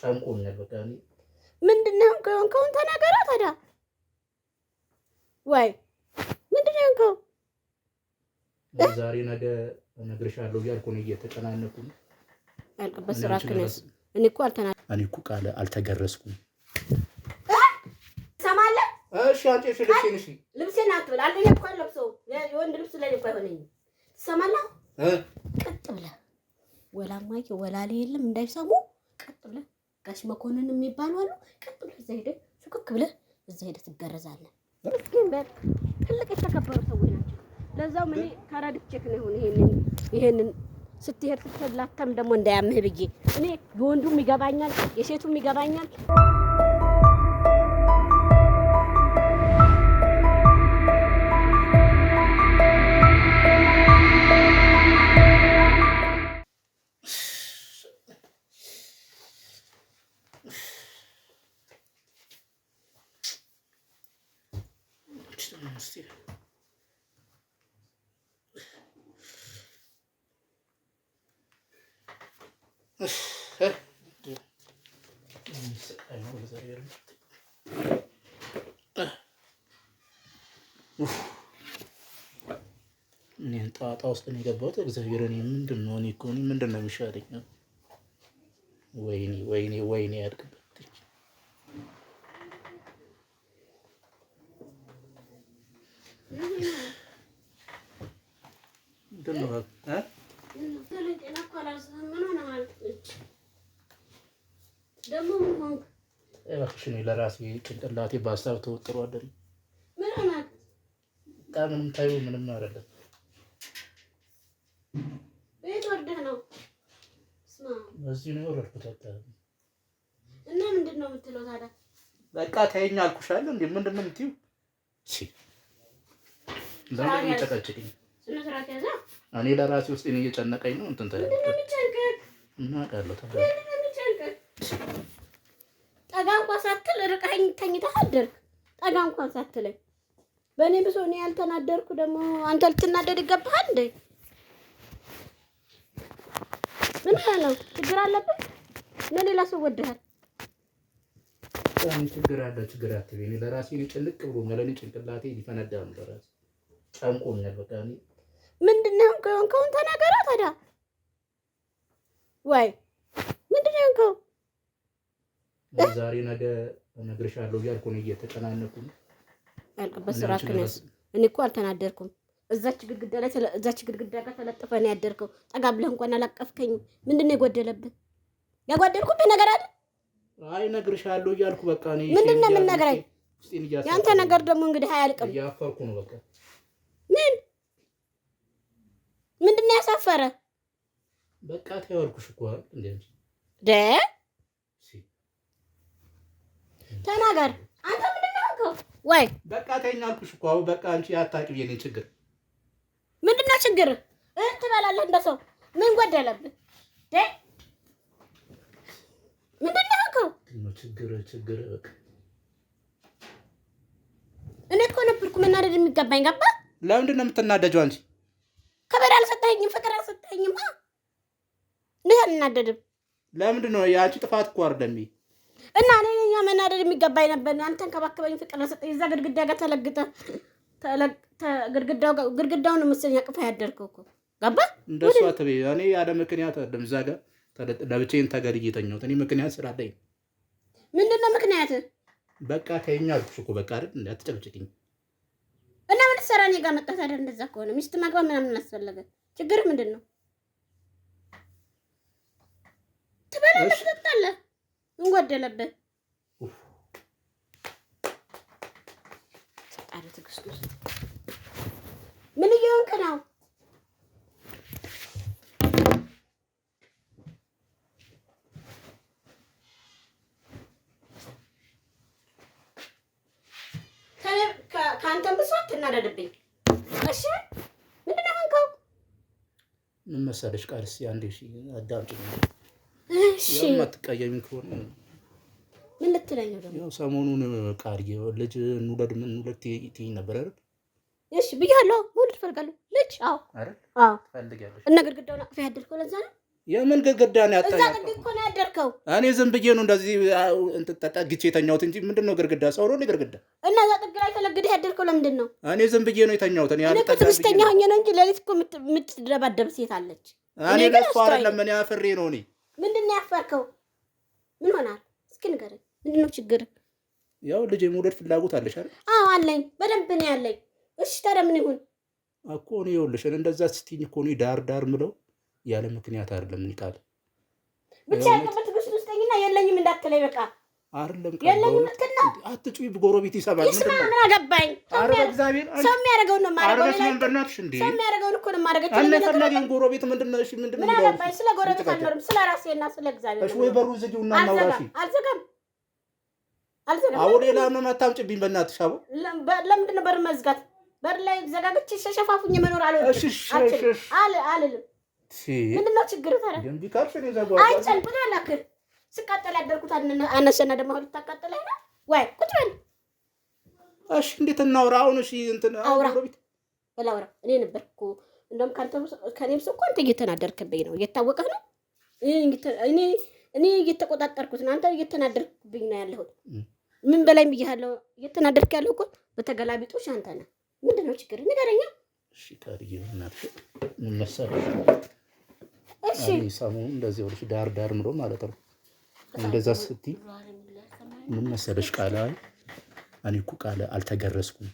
ጨንቁን ነገዳኒ ምንድነው እንኳን ከሆንከውን ተናገረው። ታዲያ ወይ ምንድነው ከሆንከው ዛሬ ነገ እነግርሻለሁ እያልኩ ነው። እየተጨናነኩ ነው ያልቅበት ስራ ክነስ እኔ እኮ አልተና እኔ እኮ ቃል አልተገረዝኩም። ትሰማለህ? እሺ አንቺ እሺ ልብሴን እሺ አትበል አለ እኮ አለብሰው የወንድ ልብስ ላይ እኮ አይሆነኝም። ትሰማለህ? ቀጥ ብለህ ወላማዬ ወላሌ የለም እንዳይሰሙ ቀጥ ብለህ ጋሽ መኮንን የሚባሉ አሉ። ቀጥ ብለህ እዛ ሄደህ ሽክክ ብለህ እዛ ሄደህ ትገረዛለህ። ትልቅ የተከበሩ ሰዎች ናቸው። ለዛውም እኔ ተረድቼክ ነው ይሄንን ይሄንን ስትሄድ ስትላተም ደግሞ እንዳያምህ ብዬ እኔ የወንዱም ይገባኛል የሴቱም ይገባኛል። Eh. ጣጣ ውስጥ ነው የገባሁት። እግዚአብሔር እኔ ምንድን ነው እኔ እኮ ምንድን ነው የሚሻለኝ? ወይኔ ወይኔ ወይኔ ያድግበት እባክሽ ለራሴ ጭንቅላቴ በሀሳብ ተወጥሮ አደል። በጣም የምታዩ ምንም አይደለም። ቤት ወርደህ ነው እዚህ ነው የወረድኩት። እና ምንድን ነው የምትለው ታዲያ? በቃ ተይኝ አልኩሽ አይደል እንዴ? ምንድን ነው የምትይው? ለምን የሚጨቀጭቅኝ? እኔ ለራሴ ውስጥ እየጨነቀኝ ነው። እንትን ጠጋ እንኳን ሳትል ርቀኸኝ ተኝተህ አደርክ። ጠጋ እንኳን ሳትለኝ በእኔ ብሶ እኔ ያልተናደርኩ ደግሞ አንተ ልትናደድ ይገባሃል እንዴ? ምን ነው ችግር አለበት? ለሌላ ሰው ወደሃል ችግር አለ። ችግር አትበይ። ለራሴ ጭንቅ ብሎ ለእኔ ጭንቅላቴ ሊፈነዳ ነው ለራሴ ጨንቆኛል። በቃ ምንድን ነው የሆንከውን ተናገራ ታዲያ። ወይ ምንድን ነው የሆንከው? ዛሬ ነገ እነግርሻለሁ እያልኩ ነው። እየተጨናነኩ ያልቅበት ስራ ክንስ እኔ እኮ አልተናደርኩም። እዛች ግድግዳ ላይ እዛች ግድግዳ ጋር ተለጥፈ ነው ያደርከው። ጠጋ ብለህ እንኳን አላቀፍከኝ ምንድን ነው የጎደለብህ? ያጓደልኩብህ ነገር አለ? አይ እነግርሻለሁ እያልኩ በቃ ምንድን ነው የምነግረኝ? ያንተ ነገር ደግሞ እንግዲህ አያልቅም። እያፈርኩ ነው በቃ ምን ምንድን ነው ያሳፈረ? በቃ ተያወልኩሽ እኮ ደ ተናገር አንተ ምንድን ነው ያልከው? ወይ በቃ ተይኝ አልኩሽ እኮ አሁን በቃ አንቺ አታውቂው የእኔን ችግር ምንድን ነው ችግር? እህ ትበላለህ እንደ ሰው ምን ጎደለብህ? ምንድን ነው ያልከው? ችግር ችግር በቃ እኔ እኮ ነበርኩ መናደድ የሚገባኝ ገባ ለምንድን ነው የምትናደጀው አንቺ? ክብር አልሰጠኝም፣ ፍቅር አልሰጠኝም። ምን አልናደድም። ለምንድን ነው የአንቺ ጥፋት እኮ አይደለም እና ለኛ መናደድ የሚገባኝ ነበር። አንተ ከባከበኝ ፍቅር አልሰጠኝ። እዛ ግድግዳ ጋር ተለግጠ ግድግዳውን ምስል ያቅፋ ያደርከው እኮ ገባ። እንደሱ አትበይ። እኔ ያለ ምክንያት አይደለም እዛ ጋር ለብቻዬን ተገድዬ የተኛሁት እኔ ምክንያት ስላለኝ። ምንድን ነው ምክንያት? በቃ ከኛ አልኩሽ እኮ በቃ አይደል? እንዳትጨብጭቅኝ እና ምን ሰራ እኔ ጋር መጣት አይደል? እንደዛ ከሆነ ሚስት ማግባት ምናምን አስፈለገ? ችግር ምንድን ነው? ትበላለህ፣ ትጠጣለህ። እንጎደለበት ጣሪ ትግስቱ ምን እየሆንክ ነው? ከአንተም ብሶ አትናደድብኝ። እሺ ምንድን ነው የሆንከው? ምን መሰለሽ ቃል እስኪ አንዴ አዳምጪኝ። እሺ የማትቀየሚኝ ከሆነ ምን ልትለኝ ነው ያው ሰሞኑን ቃል ልጅ እንውለድ ምን እንውለድ ትይኝ ነበር አይደል? እሺ ብያለሁ። መውለድ እፈልጋለሁ ልጅ። አዎ አዎ እፈልጋለሁ። እነ ግድግዳውን አቅፌ ያደልከው ለዛ ነው የምን ግድግዳ ነው ያጣ? እኔ ዝም ብዬ ነው እንደዚህ ተጠግቼ የተኛሁት እንጂ ምንድን ነው ግድግዳ? ሰው ነው ግድግዳ? እና እዛ ጥግ ላይ ተለግደህ ያደርከው ለምንድን ነው? እኔ ዝም ብዬ ነው የተኛሁት። እኔ እኮ ትዕግስተኛ ሆኜ ነው እንጂ ሌሊት እኮ የምትደባደብ ሴት አለች። እኔ ለእሱ አይደለም እኔ አፍሬ ነው። እኔ ምንድን ነው ያፈርከው? ምን ሆናል? እስኪ ንገረኝ፣ ምንድን ነው ችግር? ያው ልጅ የመውለድ ፍላጎት አለሽ አይደል? አዎ አለኝ፣ በደንብ ነው ያለኝ። እሺ ታዲያ ምን ይሁን እኮ እኔ ይኸውልሽ እንደዛ ስትይኝ እኮ እኔ ዳር ዳር ምለው ያለ ምክንያት አይደለም እንጣል ብቻ ትግስት ውስጠኝና የለኝም እንዳትለኝ በቃ አይደለም የለኝም እትክና አትጩይ፣ ጎረቤት ይሰማል። ይስማ ምን አገባኝ? ሰው የሚያደርገውን ነው የማደርገው። ሰው የሚያደርገውን እኮ ነው የማደርገው። ጎረቤት ምንድን ነው? ምን አገባኝ? ስለ ጎረቤት አልኖርም፣ ስለ ራሴና ስለ እግዚአብሔር ወይ በሩ ዝጊውና እናውራ። አልዘጋም አልዘጋም። አሁን ሌላ ህመም አታምጪብኝ በእናትሽ። አቦ ለምንድን ነው በር መዝጋት? በር ላይ ዘጋግቼ ሸሸፋፉኝ መኖር አልወድም፣ አልልም ምንድነው ችግር ታዲያ? አይጨልብን አላክል ስቃጠል ያደርኩት አነሰና ደግሞ አሁን ነው ወይ? ቁጭ በል እሺ። እንዴት እናውራ አሁን? እሺ እንትን አውራ በላውራ እኔ ነበርኩ እንደውም ከኔም አንተ እየተናደርክብኝ ነው። እየታወቀህ ነው። እኔ እኔ እየተቆጣጠርኩት ነው። አንተ እየተናደርክብኝ ነው ያለሁት። ምን በላይ ብያለሁ። እየተናደርክ ያለው እኮ በተገላቢጦሽ አንተ ነህ። ምንድነው ችግር ንገረኛ። እሺ ታዲያ እናትሽ ምን መሰለሽ፣ እሺ ሰሞኑን እንደዚህ ወልሽ ዳር ዳር ምሎ ማለት ነው። እንደዛ ስቲ ምን መሰለሽ ቃል አይ እኔ እኮ ቃል አልተገረዝኩም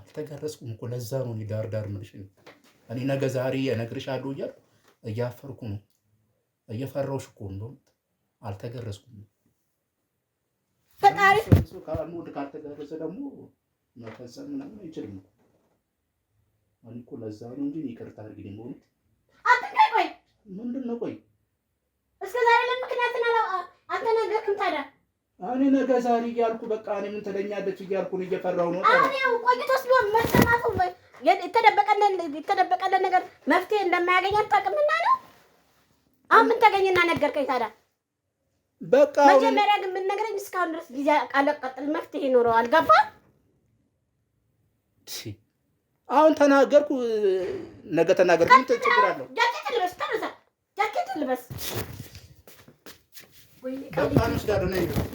አልተገረዝኩም እኮ ለዛ ነው እኔ ዳር ዳር ምልሽ። እኔ ነገ ዛሬ እነግርሻለሁ እያልኩ እያፈርኩ ነው እየፈራሁሽ እኮ እንደውም አልተገረዝኩም። ፈጣሪ ካልተገረዘ ደግሞ መፈጸም ምናምን አይችልም እኮ ለዛ ነው እንጂ ይቅርታ አድርጊልኝ። ነው አትንካኝ። ቆይ ምንድን ነው? ቆይ እስከ ዛሬ ለምን ምክንያት አልተናገርክም ታዲያ? እኔ ነገ ዛሬ እያልኩ በቃ እኔ ምን ትለኛለች እያልኩ ነው፣ እየፈራሁ ነው። ቆይቶስ ቢሆን መሰማቱ የተደበቀለን ነገር መፍትሄ እንደማያገኝ አታውቅምና ነው። አሁን ምን ተገኘና ነገርከኝ ታዲያ? በቃ መጀመሪያ ግን ምን ብትነግረኝ እስካሁን ድረስ ጊዜ ቃለቀጥል መፍትሄ ይኖረዋል። ገባ አሁን ተናገርኩ፣ ነገ ተናገርኩ። ችግር አለው?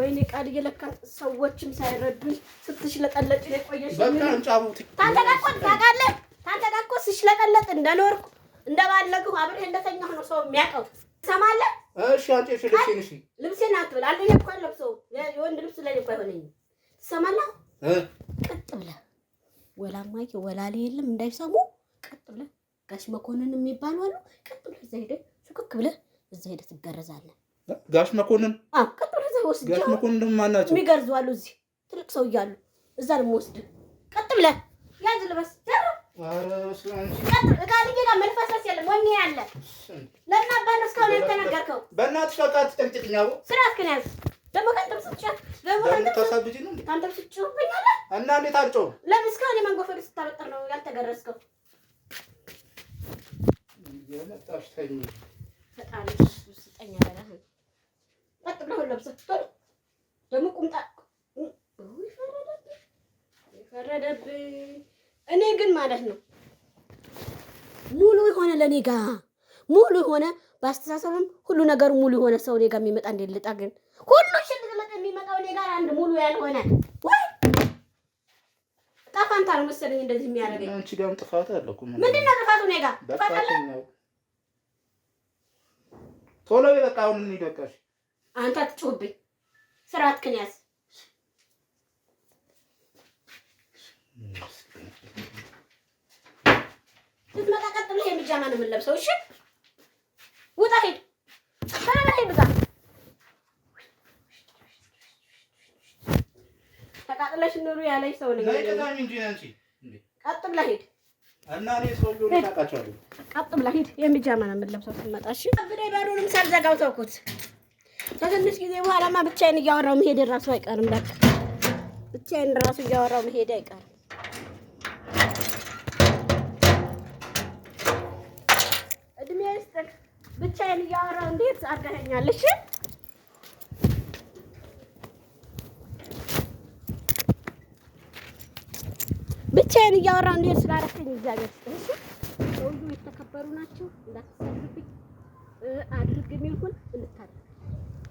ወይኔ ቃል የለካ ሰዎችም ሳይረዱኝ ስትሽለጠለጥ የቆየሽ ታውቃለህ። ጋር እኮ እንደኖርኩ እንደባለግሁ አብሬ እንደተኛሁ ነው ሰው የሚያውቀው። ትሰማለህ? እሺ አንቺ እሺ፣ ልብሴን እሺ፣ ልብሴን አትበል። የወንድ ልብስ ላይ እኮ አይሆነኝም። ትሰማለህ? ቅጥ ብለህ ወላ ማቂ ወላሌ የለም እንዳይሰሙ ቀጥ ብለህ ጋሽ መኮንን የሚባሉ አሉ። ቀጥ ብለህ እዛ ሄደህ ሹክክ ብለህ እዛ ሄደህ ትገረዛለህ። ጋሽ መኮንን ቀጥ ብለህ እዛ ወስድ። ጋሽ መኮንን ደግሞ ማናቸው? የሚገርዙ አሉ እዚህ ትልቅ ሰው እያሉ እዛ ደግሞ ወስድ። ቀጥ ብለህ ያዝ ልበስ ቃልጌጋ መንፈሰስ የለም ወኔ ያለ ለምን አባነው እስካሁን ያልተነገርከው? በእናትሽ በቃ ትጨቅጭቅኛው ስራ እስክን ያዝ ደግሞ እና እንዴት ለምን እስካሁን ስታበጥር ነው ያልተገረዝከው? ደግሞ ቁምጣ እኔ ግን ማለት ነው ሙሉ የሆነ ለእኔ ጋ ሙሉ የሆነ በአስተሳሰብም ሁሉ ነገር ሙሉ የሆነ ሰው እኔ ጋ የሚመጣ እንዴት ልጣ ግን ሁሉ አንድ ሙሉ ያልሆነ ወይ ጣፋንታ አልመሰለኝ እንደዚህ የሚያደርገኝ አንቺ ጋርም ጥፋት አለ እኮ ምንድን ነው ጥፋቱ? እኔ ጋር ጥፋት አለ። ቶሎ በይ በቃ አሁን ምን ይደቀሽ አንተ አትጮህብኝ። ስርዓት ክንያዝ ስትመጣ ቀጥ ብለህ የምጃማ ነው የምንለብሰው። እሺ ውጣ ሂድ፣ ተራ ሂድ ብዛ ተቃጥለሽ ኑሩ ያለሽ ሰው ነኝ። እንጂ ቀጥ ብላ ሂድ እና እኔ ሰው ቀጥ ብላ ሂድ። የሚጃማ ነው የምለብሰው ስትመጣ። እሺ በሩንም ሳልዘጋው ተውኩት። ከትንሽ ጊዜ በኋላማ ብቻዬን እያወራሁ መሄድ ራሱ አይቀርም። በቃ ብቻዬን ራሱ እያወራሁ መሄድ አይቀርም። እድሜ ይስጥህ። ብቻዬን እያወራሁ እንዴት አድርገኸኛል? እሺ ብቻዬን እያወራሁ እንዲሆን ስላደረከኝ እግዚአብሔር ይስጥህ። ሁሉ የተከበሩ ናቸው። እንዳትሰርብኝ አድርግ የሚልኩን እንታደርግ።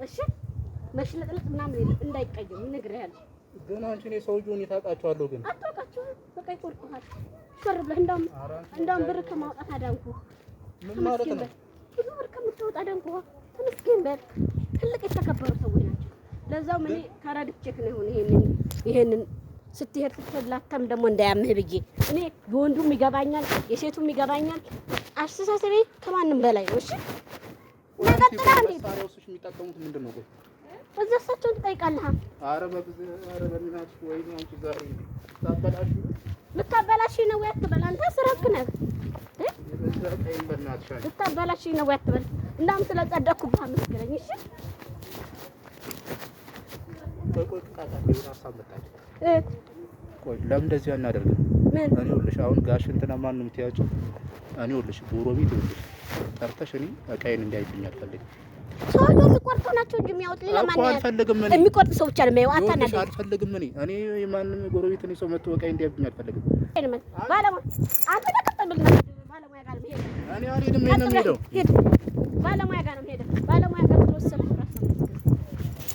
እሺ መሽለጥለጥ ምናምን የለም እንዳይቀየሙ እነግርሃለሁ። ግን አንቺ እኔ ሰውዬውን ታውቃቸዋለሁ። ግን አታውቃቸውም። በቃ ይቆርጥሃል። ሾር ብለህ እንደውም እንደውም ብር ከማውጣት አዳንኩ። ምን ማለት ነው? ብዙ ብር ከምታወጣ አዳንኩ። ተመስገን በል። ትልቅ የተከበሩ ሰዎች ናቸው። ለዛውም እኔ ተረድቼህ ነው ይሄንን ይሄንን ስትሄድ ስትላተም ደግሞ እንዳያምህ ብዬ እኔ የወንዱም ይገባኛል የሴቱም ይገባኛል። አስተሳሰቤ ከማንም በላይ ነው። እሺ እዛ እሳቸውን ትጠይቃለህ። ልታበላሽ ነው ወይ አትበል። አንተ ነህ። ልታበላሽ ነው ወይ አትበል። አመስግነኝ። እሺ ቆይ ለምን እንደዚህ አናደርግም? እኔ ይኸውልሽ አሁን ጋሽ እንትና ማን ነው የምትያቸው? እኔ ይኸውልሽ ጎረቤት ይኸውልሽ ጠርተሽ እኔ እቃዬን እንዳይብኝ አልፈልግም። ሰዎች የሚቆርጠው ናቸው እንጂ የሚያወጡ አልፈልግም። እኔ የሚቆርጥ ሰው ብቻ ነው የሚያየው። አታናደኝ። አልፈልግም። እኔ እኔ የማንም ጎረቤት እኔ ሰው መጥቶ እቃዬን እንዳይብኝ አልፈልግም። ባለሙያ አንተ ተቀበልና ባለሙያ ጋር ነው የምሄደው። እኔ አልሄድም። ይሄን ነው የምሄደው። ባለሙያ ጋር ነው የምሄደው። ባለሙያ